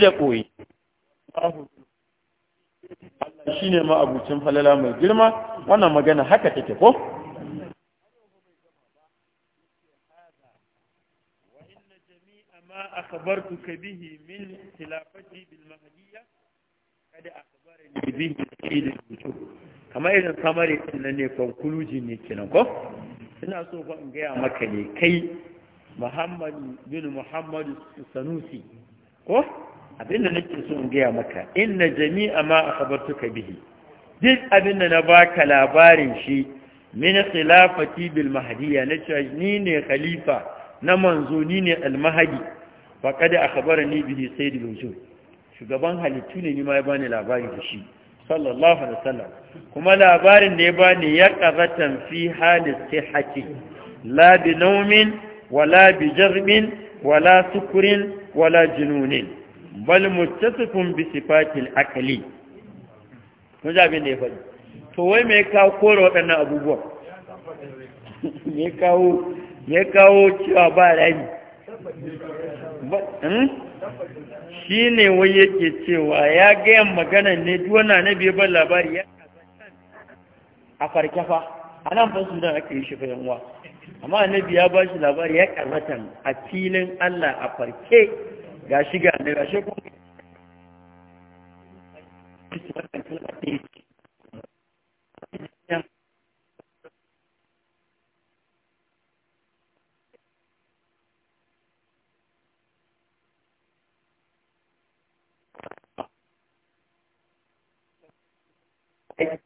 da koyi Allah shine ma abucin falala mai girma wannan magana haka take ko أخبرتك irin samari خلافتي بالمهدية قد أخبرني به سيد idan ina so ba in gaya maka ne kai muhammadu bin muhammadu sanusi ko abinda nake so in gaya maka inna jami'a ma akhbartuka bihi duk abinda na baka labarin shi min khilafati bil Mahdi, na nace ni ne khalifa na manzo ni ne al mahdi faqad akhbarani bihi sayyidul wujud shugaban halittu ne ni ma ya bani labarin da shi sallallahu alaihi wasallam kuma labarin da ya bani ya qazatan fi halis sihhati la bi naumin, wala bi jazmin wala sukrin wala jununin bal muttasifun bi sifatil akali kun ja abin da ya faɗi to wai me ka kore waɗannan abubuwan me kawo me kawo cewa ba rami hmm? shi ne wai yake cewa ya gayan magana ne duwana na biyu ban labari ya a farkafa a nan fasu su aka yi shi fayanwa amma annabi ya ba shi labari ya karmatan a filin allah a farke ga shi ga ne Thank you.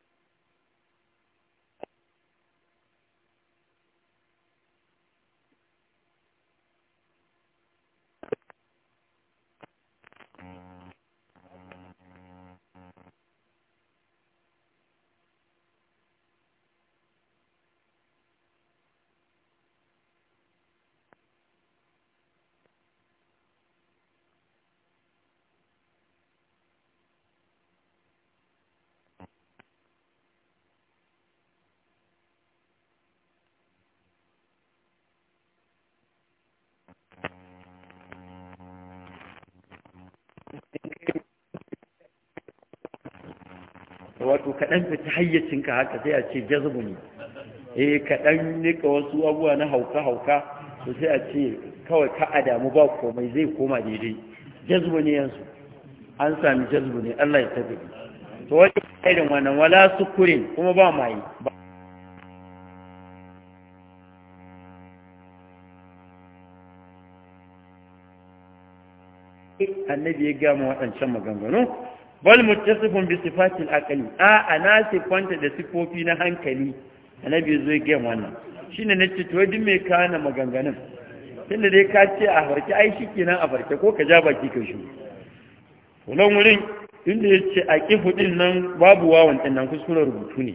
wato kaɗan fita hayyacinka haka sai a ce jazubu ne eh kaɗan nika wasu abuwa na hauka-hauka to sai a ce kawai ka a damu ba komai zai koma daidai jazubu ne yansu an sami jazubu ne Allah ya tabi to wani irin wannan wala sukurin kuma ba mai annabi ya gama waɗancan maganganu bal muttasifun bi sifatil aqli a ana sifanta da sifofi na hankali annabi zai ga wannan shine ce to duk me kana maganganun tunda dai ka ce a farke ai shikenan a farke ko ka ja baki ka shi wannan wurin inda yace a kifu din nan babu wawan din nan kuskuren rubutu ne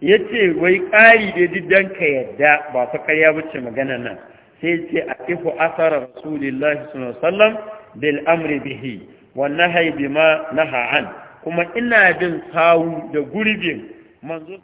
yace wai ƙari da diddan ka yadda ba fa ƙarya bace magana nan sai yace a kifu asara rasulullahi sallallahu alaihi wasallam bil amri bihi wannan haibi ma na ha'an kuma ina bin sawu da gurbin manzo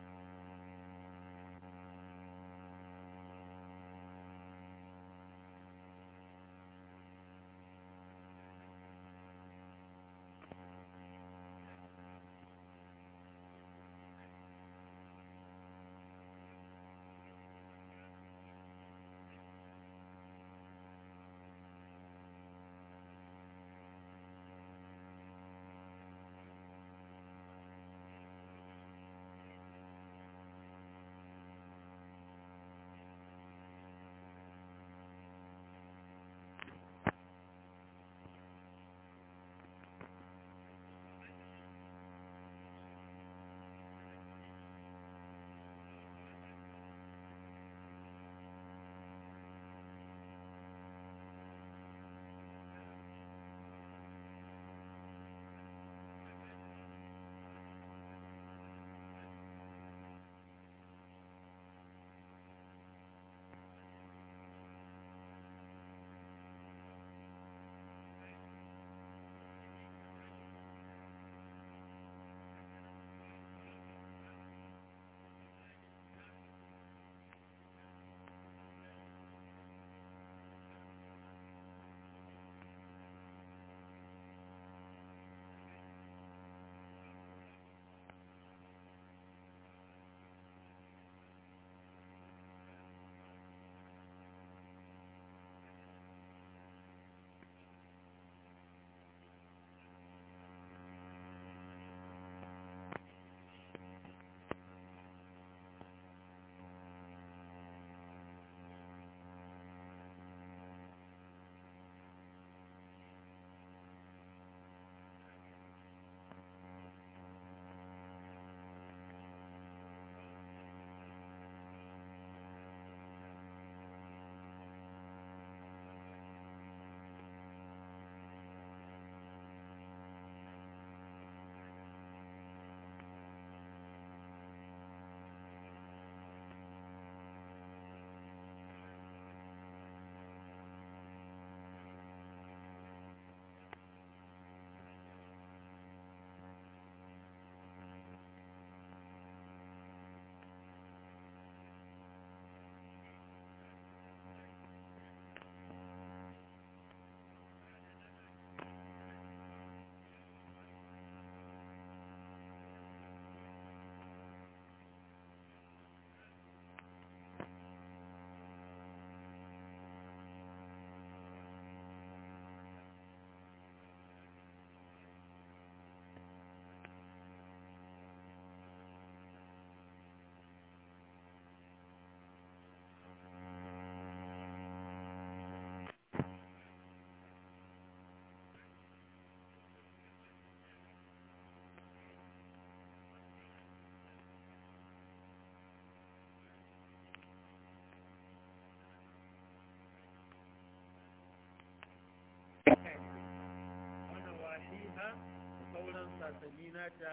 sasanni nata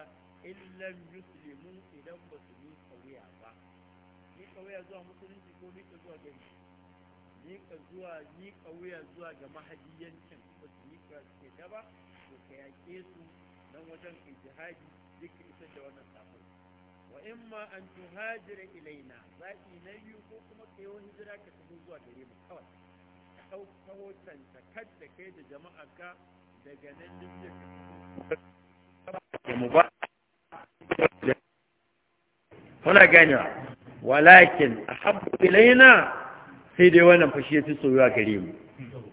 illan muslimu idan ba su miƙa wuya ba ni wuya zuwa musulunci ko ka zuwa ga miƙa zuwa ni wuya zuwa ga mahajiyancin ba su miƙa ce ta ba to ka yaƙe su dan wajen ijihadi duk isar da wannan sako wa in ma an tuhajira ilaina ki na biyu ko kuma ka yi hijira ka tafi zuwa gare mu kawai ka ɗauka hoton da kai da jama'a ka daga nan duk Kuna muna ganewa walakin ahabbu ilaina sai dai wannan fashi yafi soyuwa gare mu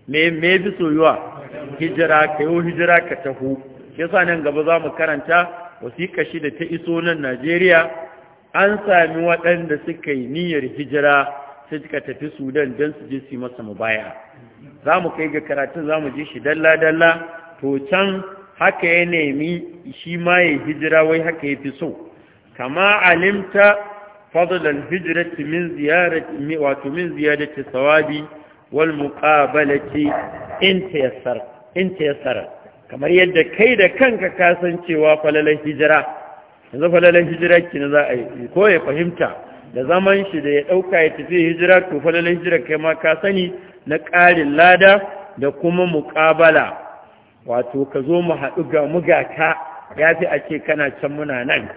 me me soyuwa hijira ka yo hijira ka taho yasa nan gaba za mu karanta wasiƙa shi da ta iso nan Najeriya an sami waɗanda suka yi niyyar hijira sai suka tafi Sudan don su je su yi masa baya. za mu kai ga karatun za mu ji shi dalla-dalla to can haka ya nemi shi ma ya hijira wai haka ya fi so kama alimta fadlal hijrati min ziyarati wato min ziyadati sawabi wal muqabalati in tayassar in tsara. kamar yadda kai da kanka ka san cewa falalan hijira yanzu falalan hijira na za a yi ko ya fahimta da zaman shi da ya ɗauka ya tafi hijira to falalan hijira kai ma ka sani na ƙarin lada da kuma muƙabala. wato ka zo mu haɗu ga mugaka ya fi a ce kana can muna nan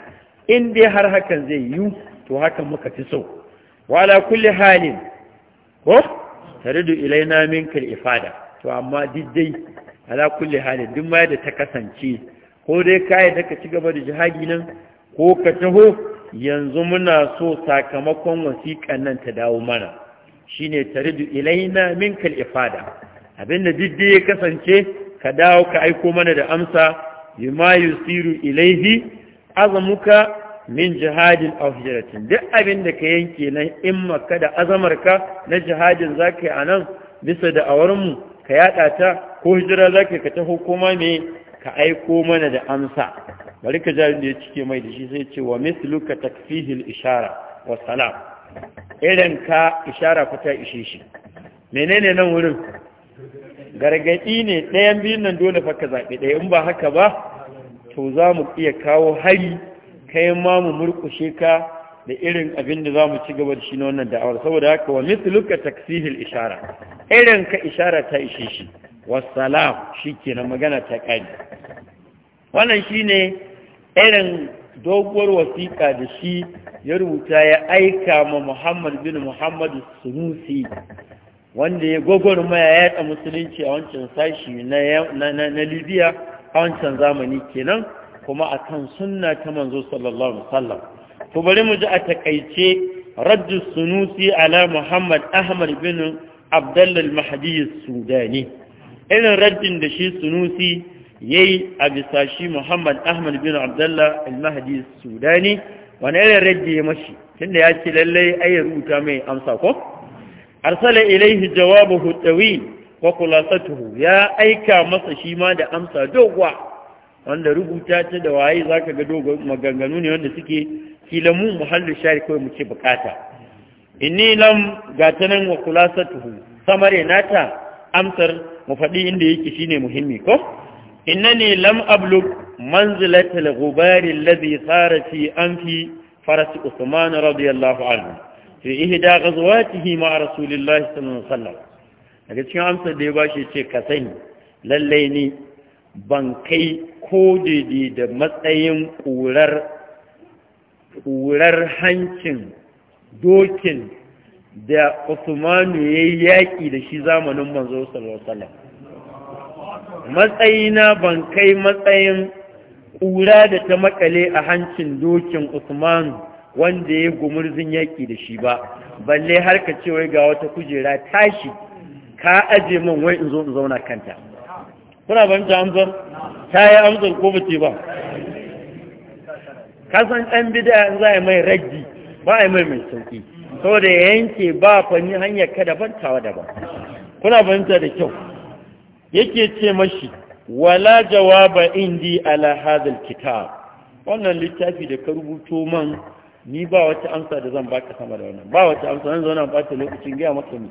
in dai har hakan zai yiwu to hakan muka fi so wala kulli halin ko taridu ilaina min kal ifada to amma diddai ala kulli halin duk ma da ta kasance ko dai kai da ka ci gaba da jihadi nan ko ka taho yanzu muna so sakamakon wasiƙan nan ta dawo mana shine taridu ilaina min kal ifada abinda diddai ya kasance ka dawo ka aiko mana da amsa yi siru ilaihi azamuka min jihadin aw duk abin da ka yanke na maka da azamarka na jihadin ka yi anan bisa da awarmu ka yada ta ko hijira zaka ka taho kuma me ka aiko mana da amsa bari ka jarin da ya cike mai da shi sai ce wa misluka takfihil ishara wa salam irin ka ishara ku ta ishe shi menene nan wurin gargaɗi ne ɗayan biyun nan dole faka ka zaɓi ɗaya in ba haka ba to za mu iya kawo hari kayan ma mu murƙushe ka da irin abin da za mu ci gaba da shi na wannan da'awar saboda haka wa mithluka taksihil ishara irin ka ishara ta ishe shi wassalam shikenan magana ta ƙari. wannan shine irin doguwar wasiƙa da shi ya rubuta ya aika ma Muhammad bin Muhammad Sunusi wanda ya maya ya yaɗa musulunci a wancan sashi na libya a wancan zamani kenan kuma a kan sunna ta manzo sallallahu alaihi to bari mu ji a takaice raddu sunusi ala muhammad ahmad bin abdallal mahdi sudani irin raddin da shi sunusi yi a bisa shi muhammad ahmad bin abdallal al sudani wani irin raddi ya mashi tunda ya ce lallai ai rubuta mai amsa ko arsala ilaihi jawabahu tawil wa khulasatuhu ya aika masa shima da amsa dogwa wanda rubuta ta da waye zaka ga dogon maganganu ne wanda suke kila mu muhallu shari kawai mu ce bukata inni lam gatanan wa khulasatuhu samare nata amsar mu faɗi inda yake shine muhimmi ko innani lam ablug manzilatal ghubari alladhi sara fi anfi farasi usman radiyallahu anhu fi ihda ghazwatihi ma rasulillahi sallallahu alaihi wasallam daga cikin amsar da ya bashi ce ka sani lallai ne ban kai ko daidai da matsayin ƙurar ƙurar hancin dokin da Usmanu ya yi yaƙi da shi zamanin manzo sallallahu alaihi matsayina ban kai matsayin ƙura da ta makale a hancin dokin Usmanu wanda ya gumurzin yaƙi da shi ba balle har ka ce wai ga wata kujera tashi ka aje min wai in zo in zauna kanta kuna banta amsar ta yi amsar ko bace ba kasan ɗan bida in za a yi mai raggi ba a yi mai mai sauƙi saboda yanke ba fanni hanyar ka daban tawa daban kuna banta da kyau yake ce mashi wala jawaba indi ala hadal kitab wannan littafi da ka rubuto man ni ba wata amsa da zan baka sama da wannan ba wata amsa zan zauna bata lokacin gaya maka ni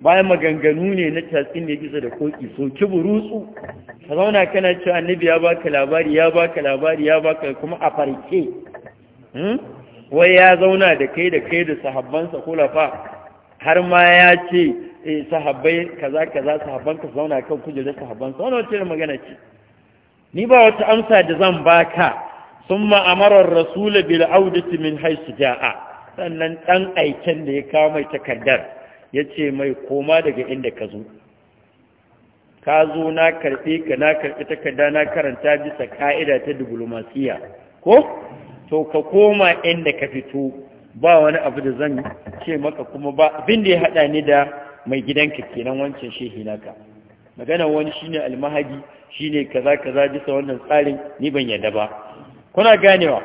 bayan maganganu ne na tasin ne bisa da koki so ki burutsu ka zauna kana cewa annabi ya baka labari ya baka labari ya baka kuma a farke hmm? wai ya zauna da kai da kai da sahabbansa lafa har ma ya ce eh sahabbai kaza kaza sahabban ka zauna kan kujerar sahabbansa wannan wata magana ce ni ba wata amsa da zan baka ثم أمر الرسول بالعودة من حيث جاء sannan ɗan aiken da ya kawo mai takardar ya ce mai koma daga inda ka zo ka zo na karfe ka na karfe takarda na karanta bisa ka'ida ta diplomasiya ko to ka koma inda ka fito ba wani abu da zan ce maka kuma ba abin da ya haɗa ni da mai gidanka kenan wancan shehi naka magana wani shine almahadi shine kaza kaza bisa wannan tsarin ni ban yarda ba kuna ganewa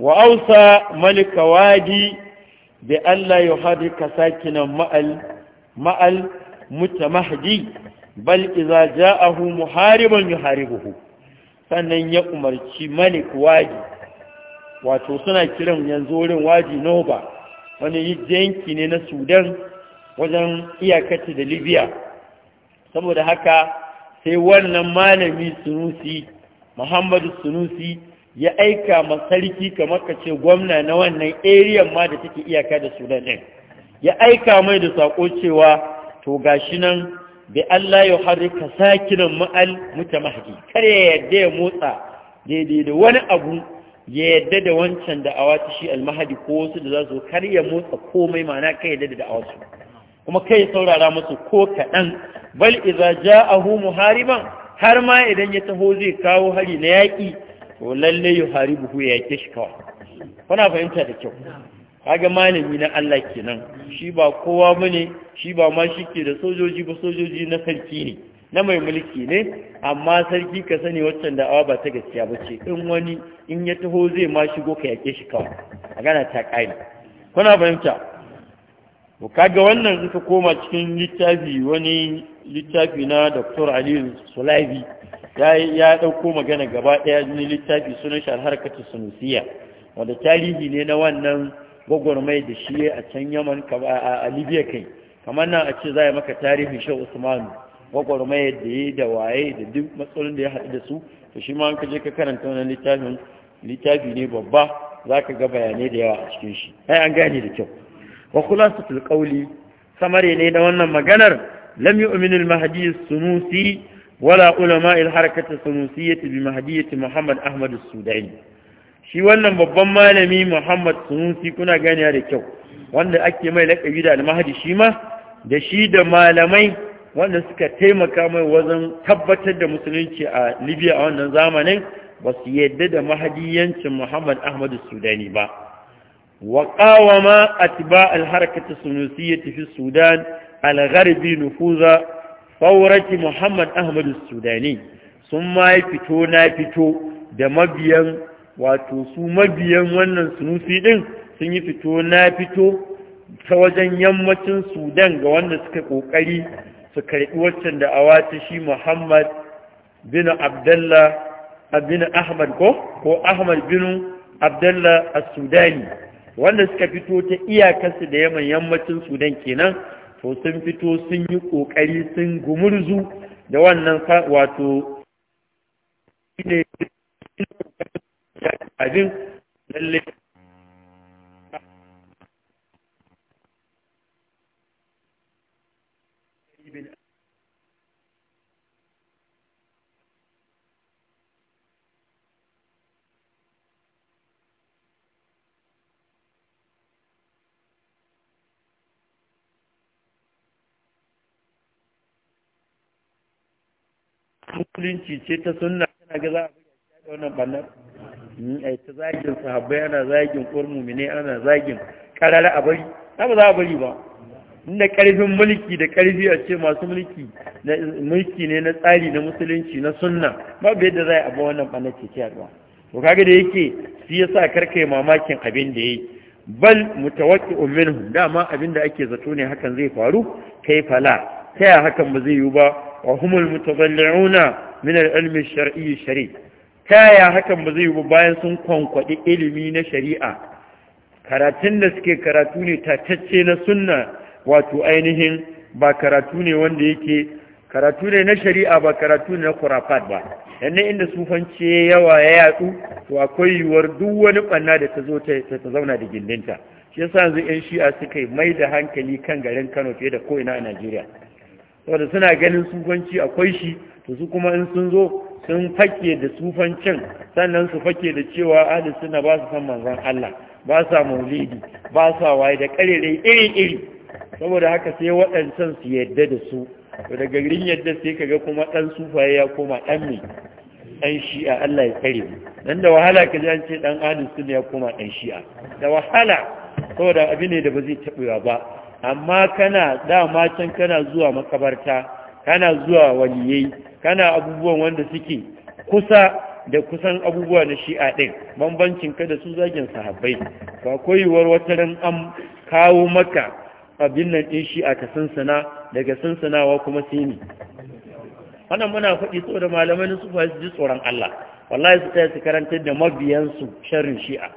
wa ausa malika wadi bi Allah ya harika sakinan ma'al ma'al mutamahdi bal iza ja'ahu muharibun yuharibuhu sannan ya umarci malik wadi wato suna kiran yanzu wurin wadi noba wani yanki ne na sudan wajen iyakaci da libya saboda haka sai wannan malami sunusi muhammadu sunusi ya aika ma sarki kamar ka ce gwamna na wannan eriyan ma da take iyaka da sudan ɗin ya aika mai da saƙo cewa to gashi nan bi Allah ya harika sakinan ma'al muta mahdi kar ya yadda ya motsa daidai da wani abu ya yadda da wancan da awata shi almahadi ko wasu da za su kar ya motsa komai mana kai yadda da awatu kuma kai saurara musu ko kaɗan bal iza ja'ahu muhariban har ma idan ya taho zai kawo hari na yaki. to lalle yuharibuhu ya yake shi kawai kuna fahimta da kyau kaga malami na Allah kenan shi ba kowa bane shi ba ma shi ke da sojoji ba sojoji na sarki ne na mai mulki ne amma sarki ka sani waccan awa ba ta gaskiya ba ce in wani in ya taho zai ma shigo ka yake shi kawai a gana ta ƙari kuna fahimta to kaga wannan in ka koma cikin littafi wani littafi na dr aliyu Sulaibi ya ɗauko magana gaba ɗaya ne littafi sunan shi sunusiya wanda tarihi ne na wannan gwagwarmai da shi a can yaman a libya kai kamar nan a ce za a maka tarihin shi usmanu gwagwarmai da ya da waye da duk matsalolin da ya haɗu da su to shi ma an kaje ka karanta wannan littafin littafi ne babba za ka ga bayanai da yawa a cikin shi ai an gane da kyau wa khulasatul qawli samare ne na wannan maganar lam yu'minu al-mahdi sunusi wala ulama il harkata sunusiyyati bi mahdiyyati muhammad ahmad sudani shi wannan babban malami muhammad sunusi kuna gani da kyau wanda ake mai lakabi da almahadi shi ma da shi da malamai wanda suka taimaka mai wajen tabbatar da musulunci a libya a wannan zamanin ba su yadda da mahadiyancin muhammad ahmad sudani ba wa qawama atba al harkata sunusiyyati fi sudan al gharbi nufuza faurati muhammad ahmadu sudani sun ma yi fito na fito da mabiyan wato su mabiyan wannan sunusi din sun yi fito na fito ta wajen yammacin sudan ga wanda suka ƙoƙari su karɓi waccan da a wata shi muhammad bin abdallah bin ahmad ko ko ahmad bin abdallah a sudani wanda suka fito ta iyakarsu da yaman yammacin sudan kenan to sun fito sun yi ƙoƙari sun gumurzu da wannan wato ne abin lallai musulunci ce ta sunna tana ga za a shi da wannan bannan hmm, a ta zagin sahabbai yana zagin mine ana zagin ƙarara a bari ba za a bari ba inda ƙarfin mulki da ƙarfi a ce masu mulki mulki ne na tsari na musulunci na sunna ba yadda za a ba wannan bannan ce ce ba to kaga da yake shi yasa karkai mamakin abin da yayi bal mutawaqqi'un minhu dama abin da ake zato ne hakan zai faru kai fala taya hakan ba zai yi ba wa humul mutazalli'una min al-ilmi shar'i shari ta yaya hakan ba zai ba bayan sun kwankwadi ilimi na shari'a karatun da suke karatu ne tatacce na sunna wato ainihin ba karatu ne yake karatu na shari'a ba na kurafat ba yanne inda su sufanci yawa ya yatsu to akwai yiwuwar duk wani banna da ta zauna da gindinta shi yasa yanzu yan shi'a suka mai da hankali kan garin kano fiye da ko ko'ina a najeriya saboda suna ganin sufanci akwai shi to su kuma in sun zo sun fake da sufancin sannan su fake da cewa ahli sunna ba su san manzon Allah ba sa maulidi ba sa waye da karere iri-iri saboda haka sai waɗancan su yadda da su daga garin yadda sai kaga kuma ɗan sufaye ya koma ɗan mai ɗan shi'a Allah ya kare mu dan da wahala ka ji an ce ɗan ahli sunna ya koma ɗan shi'a da wahala saboda abin ne da ba zai taɓewa ba amma kana da can kana zuwa makabarta kana zuwa waliyai kana abubuwan wanda suke kusa da kusan abubuwa na shi'a ɗin bambancin ka da su zagin sahabbai ba koyuwar wata ran an kawo maka abin nan ɗin shi'a ka sansana daga sansanawa kuma sai ne wannan muna faɗi saboda malamai na sufa su ji tsoron Allah wallahi su tsaya su karantar da mabiyansu sharrin shi'a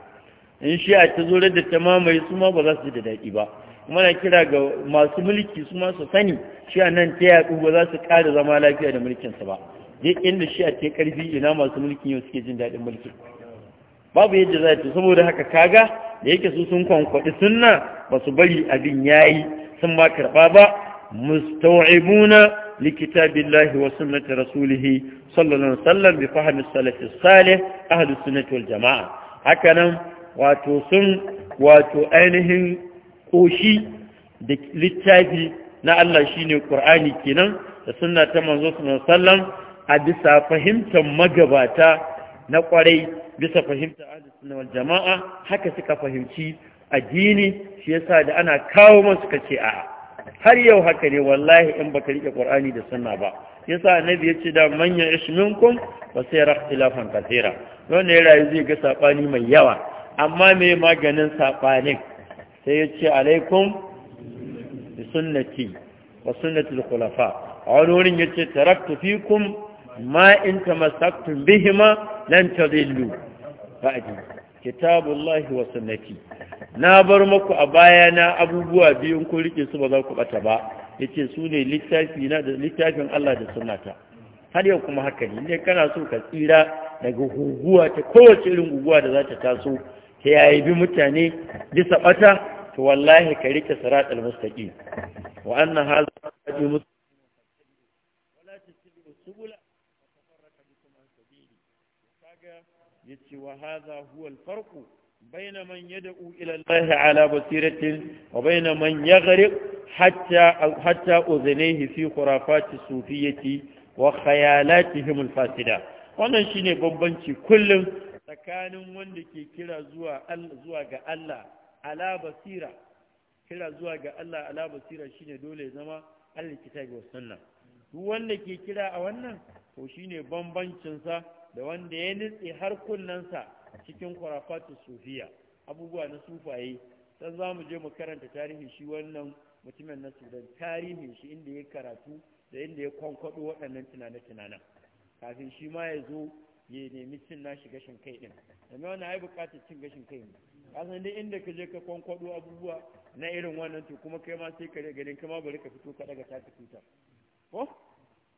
in shi'a ta zo da ta mamaye su ma ba za su ji da daɗi ba muna kira ga masu mulki su ma sani shi a nan ta yaɗu ba za su ƙara zama lafiya da mulkinsa ba duk inda shi a ce ƙarfi ina masu mulkin yau suke jin daɗin mulki babu yadda za ta saboda haka kaga da yake su sun kwankwaɗi sunna ba su bari abin ya yi sun ba karɓa ba mustaw'ibuna likitabillahi wa sunnati rasulihi sallallahu alaihi wasallam bi fahmi salafi salih ahlus sunnati wal jamaa hakanan wato sun wato ainihin ƙoshi da littafi na Allah shi ne ƙur'ani kenan da suna ta manzo sallan a bisa fahimtar magabata na ƙwarai bisa fahimtar ahlus jama'a haka suka fahimci a addini shi yasa da ana kawo masu kace a har yau haka ne wallahi in baka rike ƙwar'ani da suna ba yasa annabi ya ce da manyan ishminkum ba sai rahtilafan kathira wanda ya rayu zai ga saɓani mai yawa amma mai maganin saɓanin. sai ya ce alaikum sunnati wa sunnati al-khulafa a wani wurin ya ce taraktu fikum ma in tamassaktum bihima lan tadillu ba'di kitabullahi wa sunnati na bar maku a baya na abubuwa biyun kun rike su ba za ku bata ba yace su ne da littafin Allah da sunnata har yau kuma haka ne kana so ka tsira daga guguwa ta kowace irin guguwa da za ta taso ya yi bi mutane bisa bata to wallahi ka rike siratal mustaqim wa anna hadha sirati mustaqim wala tattabi'u subula yace wa hadha huwa al-farq bayna man yad'u ila Allah ala basiratin wa bayna man yaghriq hatta hatta uzunihi fi khurafati sufiyyati wa khayalatihim al-fasida wannan shine bambanci kullum tsakanin wanda ke kira zuwa zuwa ga Allah ala basira kira zuwa ga Allah ala basira shine dole ya zama Allah kitabi wa sunna duk wanda ke kira a wannan to shine bambancin sa da wanda ya nitse har sa cikin kurafatu sufiya abubuwa na sufaye san zamu je mu karanta tarihi shi wannan mutumin na sudan tarihin shi inda ya karatu da inda ya kwankwado waɗannan tunane-tunanen kafin shi ma ya zo ya nemi cin nashi gashin kai din amma wannan ai bukatar cin gashin kai ne kasan dai inda ka je ka kwankwado abubuwa na irin wannan to kuma kai ma sai ka rage garin kuma bari ka fito ka daga tafi tuta ko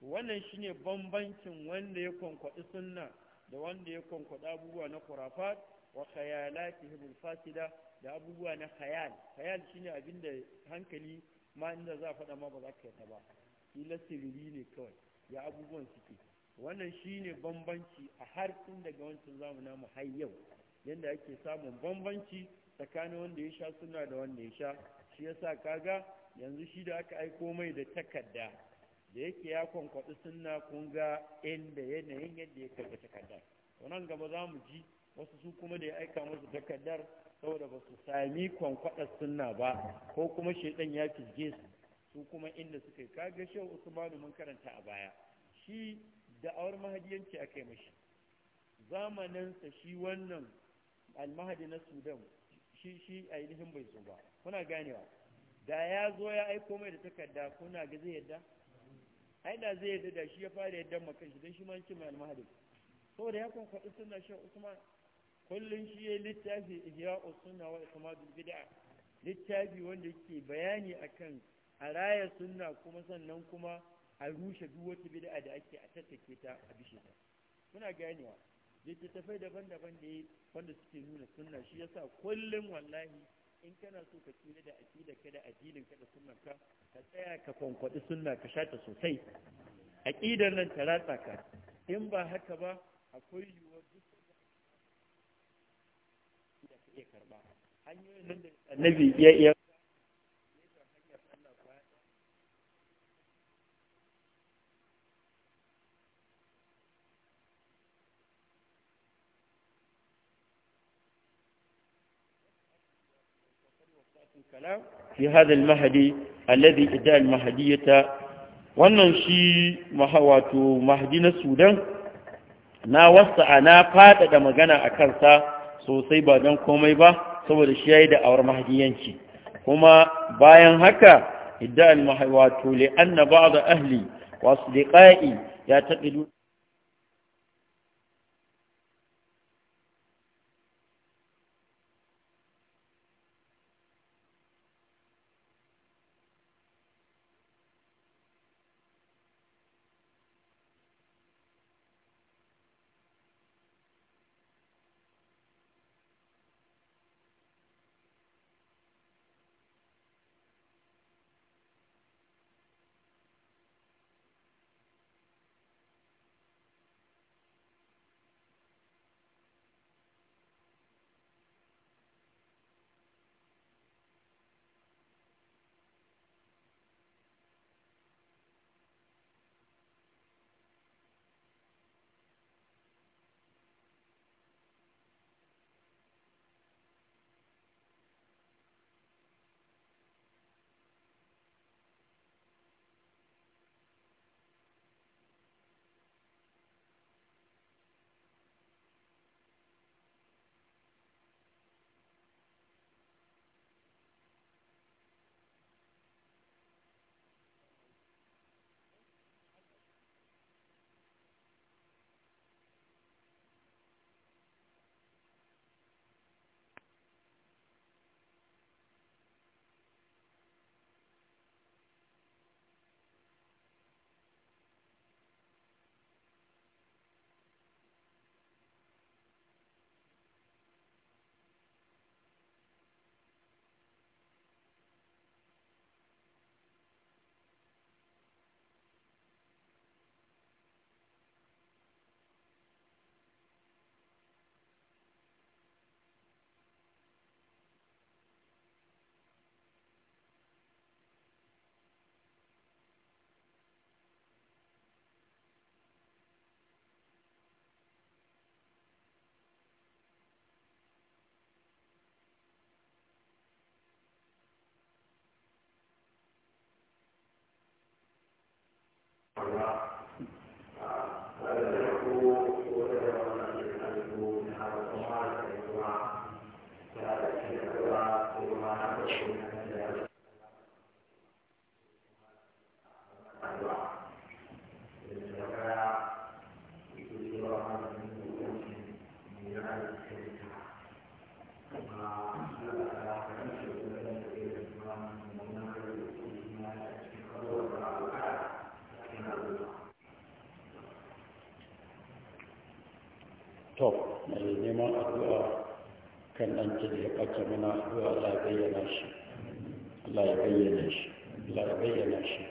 wannan shine bambancin wanda ya kwankwadi sunna da wanda ya kwankwada abubuwa na khurafat wa khayalatihim fasida da abubuwa na khayal khayal shine abinda hankali ma inda za a faɗa ma ba za ka yi ta ba shi sirri ne kawai ya abubuwan suke wannan shine bambanci a har tun daga wancan zamuna mu har yau yanda ake samun bambanci tsakanin wanda ya sha suna da wanda ya sha shi yasa kaga yanzu shi da aka aiko mai da takarda da yake ya kwankwaɗi sunna kun ga inda yanayin yadda ya karɓi takardar wannan gaba za mu ji wasu su kuma da ya aika musu takardar saboda ba su sami kwankwaɗar suna ba ko kuma shaidan ya fizge su su kuma inda suka yi kaga shau usmanu mun karanta a baya shi da'awar mahadiyanci aka yi mashi zamaninsa shi wannan almahadi na sudan shi shi ainihin bai zo ba kuna ganewa da ya zo ya aiko mai da takarda kuna ga zai yadda ai da zai yadda da shi ya fara yadda makan shi don shi ma ce mai almahadi saboda ya kan faɗi suna shan usman kullum shi ya littafi ihya usunna wa ikmadul bid'a littafi wanda yake bayani akan a raya sunna kuma sannan kuma a rushe duk wata bid'a da ake a tattake ta a bishe ta muna ganewa littattafai daban-daban da wanda suke nuna sunna shi yasa kullum wallahi in kana so ka tsira da aqida ka da addinin ka da sunnar ka ka tsaya ka kwankwadi sunna ka shata sosai aqidar nan ta ratsa ka in ba haka ba akwai yiwuwar duk da ka iya karba hanyoyin nan da annabi ya iya fi hadha al-mahdi alladhi ida al wannan shi wato mahdi na Sudan na wasa'a na faɗaɗa magana a kansa sosai ba don komai ba saboda shi ya yi awar mahdiyanci kuma bayan haka ida al-mahdi wato li da ahli wasu asdiqai ya taqidu kamina ya Allah ya bayyana shi Allah ya bayyana shi Allah ya bayyana shi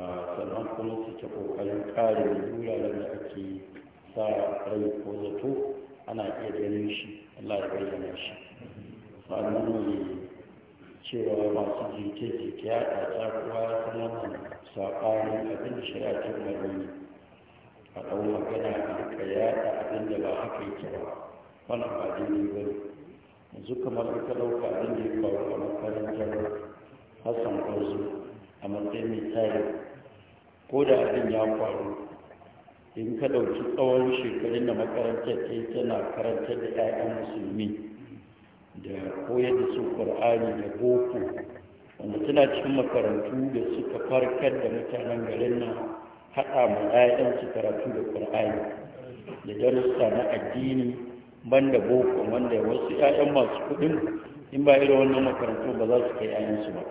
ah, sannan kuma su ta kokarin kare wuraren da ake sa rai ko zato ana iya ganin shi Allah ya bayyana shi sannan ne cewa masu jike-jike ya ta kuwa ya san wannan saɓanin abin da shari'a ta umarni a ɗau magana a rika yaɗa abin da ba haka yake ba wannan ba daidai ba ne yanzu kamar ka dauka abin da ya faru a makarantar hassan kwazo a matsayin mai ko da abin ya faru in ka dauki tsawon shekarun da makarantar ta yi tana karantar da 'ya'yan musulmi da koyar da su kur'ani da boko wanda tana cikin makarantu da suka farkar da mutanen garin nan haɗa ma 'ya'yansu karatu da kur'ani. da darussa na addini banda boko wanda wasu 'ya'yan masu kuɗin in ba irin wannan makarantu ba za su kai 'ya'yansu ba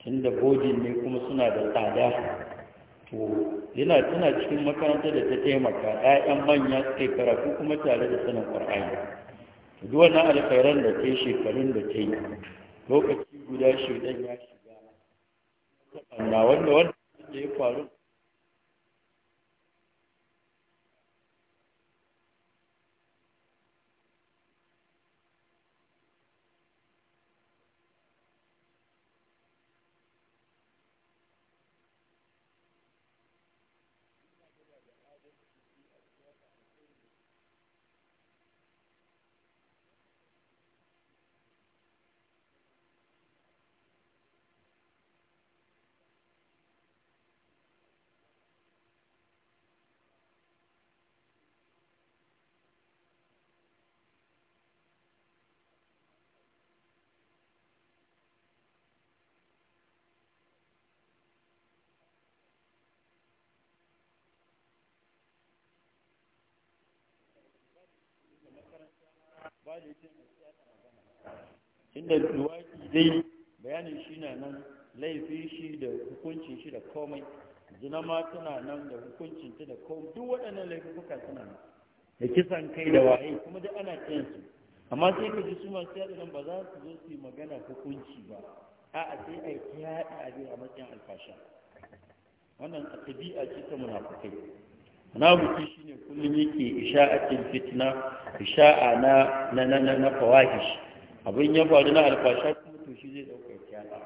Tun da bodin ne kuma suna da tsada to yana tana cikin makarantar da ta taimaka 'ya'yan manya su kai karatu kuma tare da sanin ƙwar'ani duk wannan alkhairan da ta yi shekarun da ta yi lokaci guda shi shaidan ya shiga na wanda wanda ya faru da ita inda luwaɗi dai bayanin shi na nan laifin shi da hukuncin shi da komai zina ma tana nan da hukuncin ta da komai duk waɗannan laifuka suna nan da kisan kai da waye kuma duk ana kiyan su amma sai ka ji su masu yaɗa nan ba za su zo su yi magana hukunci ba a'a sai a yi ta yaɗa a matsayin alfasha wannan a ce ta munafukai shi shine kullum yake isha'atin fitna isha'a na na na na fawahish abin ya faru na alfasha kuma to shi zai dauka kyala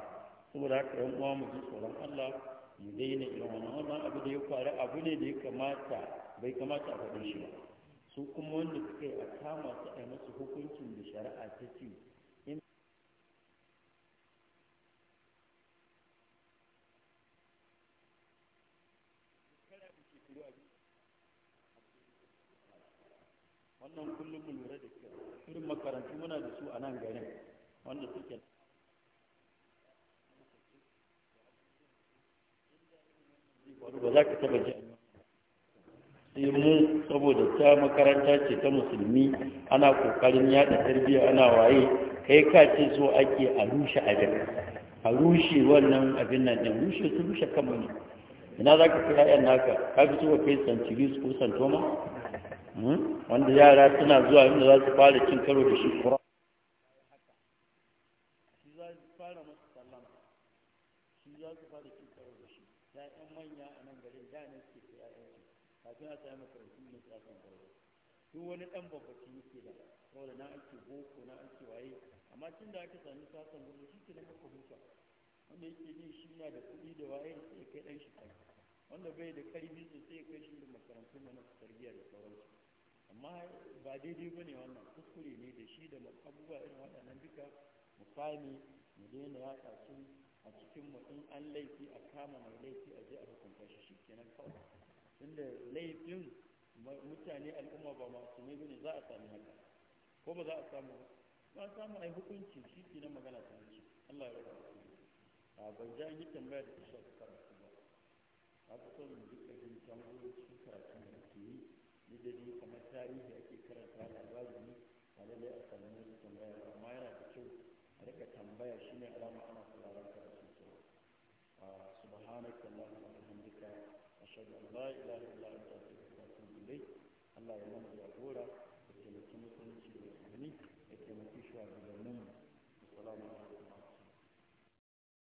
saboda haka yan uwa mu tsoron Allah mu daina irin wannan wannan abu da ya faru abu ne da ya kamata bai kamata a faɗin shi ba su kuma wanda suka yi a kama su a masu hukuncin da shari'a ta ce wannan kullum mu lura da kyau irin makarantu muna da su a nan garin wanda suke ba za ka taba ji sai mu saboda ta makaranta ce ta musulmi ana kokarin yada tarbiyya ana waye kai ka ce so ake a rushe jirgin a rushe wannan abin nan din rushe su rushe kamar ina za ka fi yan naka ka fi so kai san ko san Hmm? wanda yara suna zuwa inda za su fara cin karo da shi kura ya'yan wani ɗan yake na ake boko na ake waye amma da aka sami sasan gudu shi ke da wanda da kuɗi da waye sai wanda bai da ƙarfi sosai ya kai shi da makarantun mana su tarbiyya da sauransu amma ba daidai ba ne wannan kuskure ne da shi da abubuwa irin waɗannan duka mu sami mu daina yaɗa su a cikin mu in an laifi a kama mai laifi a je a hukunta shi shi kenan kawai tunda laifin mutane al'umma ba masu mai bane za a sami haka ko ba za a samu ba ba samu a yi hukunci shi kenan magana ta hanci Allah ya rabu a ban ja yi tambaya da ta shafi karatu ba a kusa da duk ɗin tambayoyi duk dai kamar tarihi ake karanta labari ne a lallai a samu wasu tambaya amma yana da kyau a rika tambaya shine alama ana sauraron karatu a subhanaka allahumma wa bihamdika ashhadu an la ilaha illa anta astaghfiruka wa atubu ilayk Allah ya mana